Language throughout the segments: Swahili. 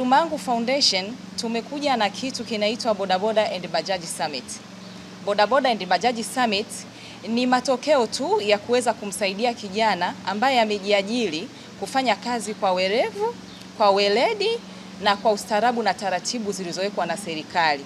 Lumangu Foundation tumekuja na kitu kinaitwa Bodaboda and Bajaji Summit. Bodaboda and Bajaji Summit ni matokeo tu ya kuweza kumsaidia kijana ambaye amejiajiri kufanya kazi kwa werevu, kwa weledi na kwa ustaarabu na taratibu zilizowekwa na serikali.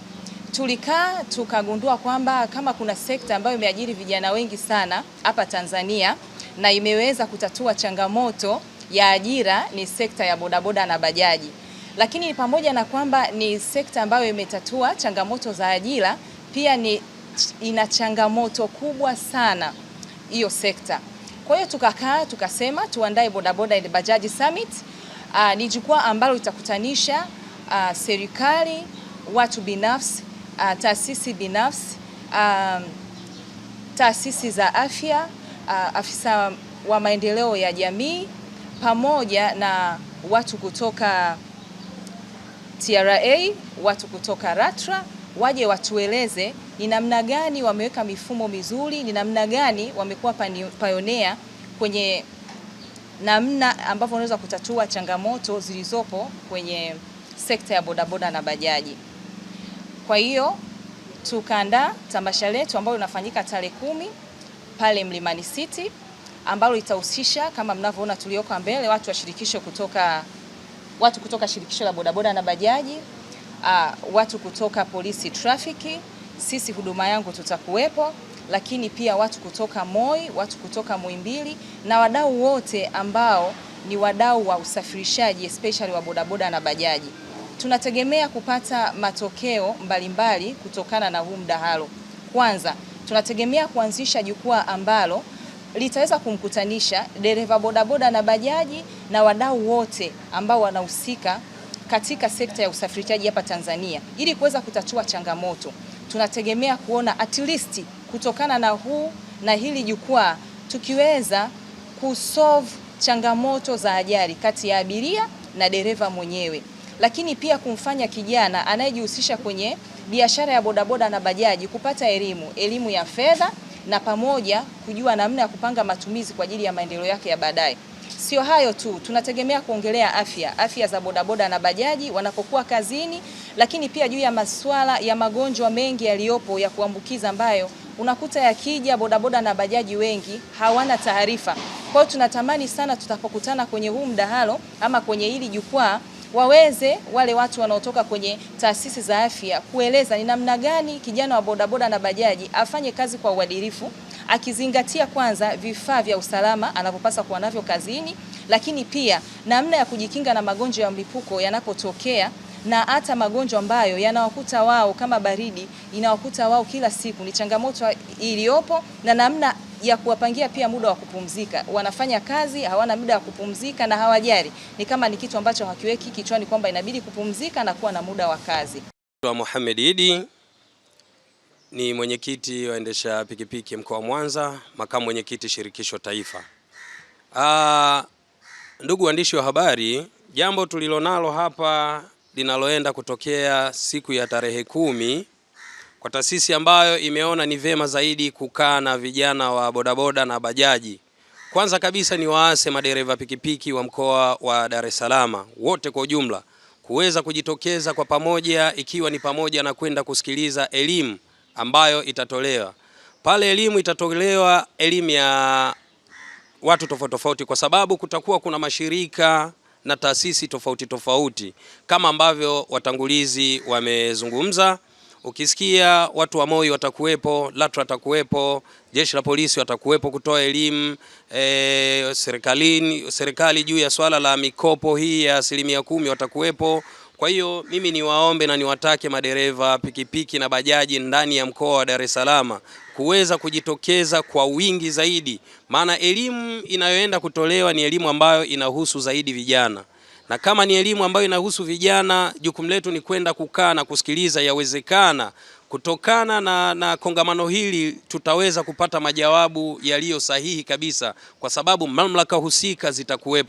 Tulikaa tukagundua kwamba kama kuna sekta ambayo imeajiri vijana wengi sana hapa Tanzania na imeweza kutatua changamoto ya ajira ni sekta ya bodaboda na bajaji lakini ni pamoja na kwamba ni sekta ambayo imetatua changamoto za ajira, pia ni ina changamoto kubwa sana hiyo sekta. Kwa hiyo tukakaa tukasema tuandae bodaboda and bajaji summit. Uh, ni jukwaa ambalo litakutanisha uh, serikali, watu binafsi, uh, taasisi binafsi, um, taasisi za afya, uh, afisa wa maendeleo ya jamii pamoja na watu kutoka TRA, watu kutoka LATRA waje watueleze ni namna gani wameweka mifumo mizuri, ni namna gani wamekuwa payonea kwenye namna ambavyo wanaweza kutatua changamoto zilizopo kwenye sekta ya bodaboda na bajaji. Kwa hiyo tukaandaa tamasha letu ambalo linafanyika tarehe kumi pale Mlimani City ambalo litahusisha kama mnavyoona tulioko mbele watu washirikisho kutoka watu kutoka shirikisho la bodaboda na bajaji, uh, watu kutoka polisi trafiki, sisi huduma yangu tutakuwepo, lakini pia watu kutoka MOI, watu kutoka Muhimbili na wadau wote ambao ni wadau wa usafirishaji especially wa bodaboda na bajaji. Tunategemea kupata matokeo mbalimbali mbali kutokana na huu mdahalo. Kwanza, tunategemea kuanzisha jukwaa ambalo litaweza kumkutanisha dereva bodaboda na bajaji na wadau wote ambao wanahusika katika sekta ya usafirishaji hapa Tanzania ili kuweza kutatua changamoto. Tunategemea kuona at least kutokana na huu na hili jukwaa tukiweza kusolve changamoto za ajali kati ya abiria na dereva mwenyewe, lakini pia kumfanya kijana anayejihusisha kwenye biashara ya bodaboda na bajaji kupata elimu, elimu ya fedha na pamoja kujua namna ya kupanga matumizi kwa ajili ya maendeleo yake ya baadaye. Sio hayo tu, tunategemea kuongelea afya, afya za bodaboda na bajaji wanapokuwa kazini, lakini pia juu ya masuala ya magonjwa mengi yaliyopo ya kuambukiza ambayo unakuta yakija bodaboda na bajaji wengi hawana taarifa. Kwa hiyo tunatamani sana tutapokutana kwenye huu mdahalo ama kwenye hili jukwaa waweze wale watu wanaotoka kwenye taasisi za afya kueleza ni namna gani kijana wa bodaboda na bajaji afanye kazi kwa uadilifu, akizingatia kwanza vifaa vya usalama anavyopaswa kuwa navyo kazini, lakini pia namna ya kujikinga na magonjwa ya mlipuko yanapotokea na hata magonjwa ambayo yanawakuta wao kama baridi inawakuta wao kila siku, ni changamoto iliyopo na namna ya kuwapangia pia muda wa kupumzika. Wanafanya kazi, hawana muda wa kupumzika na hawajali. Ni kama ni kitu ambacho hakiweki kichwani kwamba inabidi kupumzika na kuwa na muda wa kazi. Mohamed Idi ni mwenyekiti waendesha pikipiki mkoa wa Mwanza, makamu mwenyekiti shirikisho taifa. Aa, ah, ndugu waandishi wa habari, jambo tulilonalo hapa linaloenda kutokea siku ya tarehe kumi kwa taasisi ambayo imeona ni vema zaidi kukaa na vijana wa bodaboda na bajaji. Kwanza kabisa ni waase madereva pikipiki wa mkoa wa Dar es Salaam wote kwa ujumla kuweza kujitokeza kwa pamoja, ikiwa ni pamoja na kwenda kusikiliza elimu ambayo itatolewa pale. Elimu itatolewa elimu ya watu tofauti tofauti, kwa sababu kutakuwa kuna mashirika na taasisi tofauti tofauti kama ambavyo watangulizi wamezungumza. Ukisikia watu wa MOI watakuwepo, LATRA watakuwepo, jeshi la polisi watakuwepo kutoa elimu e, serikalini serikali juu ya swala la mikopo hii ya asilimia kumi watakuwepo. Kwa hiyo mimi niwaombe na niwatake madereva pikipiki na bajaji ndani ya mkoa wa Dar es Salaam kuweza kujitokeza kwa wingi zaidi, maana elimu inayoenda kutolewa ni elimu ambayo inahusu zaidi vijana na kama ni elimu ambayo inahusu vijana, jukumu letu ni kwenda kukaa na kusikiliza. Yawezekana kutokana na, na kongamano hili tutaweza kupata majawabu yaliyo sahihi kabisa, kwa sababu mamlaka husika zitakuwepo.